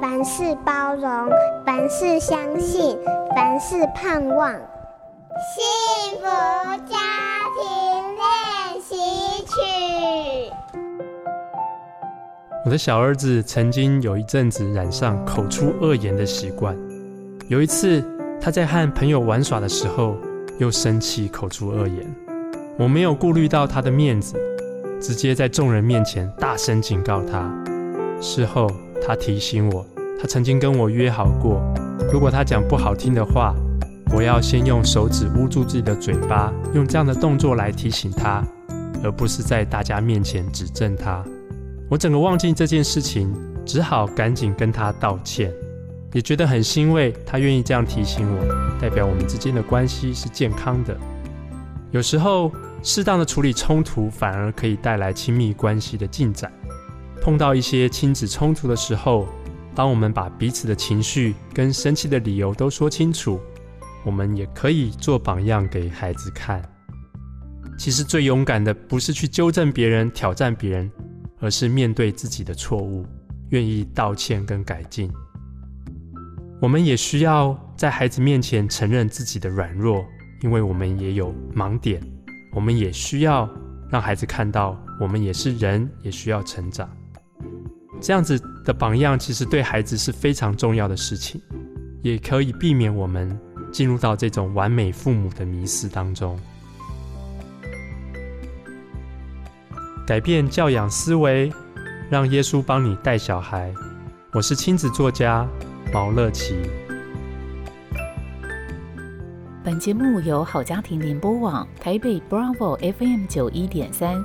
凡事包容，凡事相信，凡事盼望。幸福家庭練習曲。我的小兒子曾經有一陣子染上口出惡言的習慣。有一次，他在和朋友玩耍的時候，又生氣口出惡言。我沒有顧慮到他的面子，直接在眾人面前大聲警告他。事後。他提醒我，他曾經跟我約好過，如果他講不好聽的話，我要先用手指捂住自己的嘴巴，用這樣的動作來提醒他，而不是在大家面前指正他。我整個忘記這件事情，只好趕緊跟他道歉，也覺得很欣慰，他願意這樣提醒我，代表我們之間的關係是健康的。有時候，適當的處理衝突，反而可以帶來親密關係的進展。碰到一些親子衝突的時候，當我們把彼此的情緒跟生氣的理由都說清楚，我們也可以做榜樣給孩子看。其實最勇敢的不是去糾正別人、挑戰別人，而是面對自己的錯誤，願意道歉跟改進。我們也需要在孩子面前承認自己的軟弱，因為我們也有盲點。我們也需要讓孩子看到，我們也是人，也需要成長。這樣子的榜樣，其實對孩子是非常重要的事情，也可以避免我們進入到這種完美父母的迷思當中。改變教養思維，讓耶穌幫你帶小孩。我是親子作家毛樂祈。本節目由好家庭聯播網台北 Bravo FM 九一點三。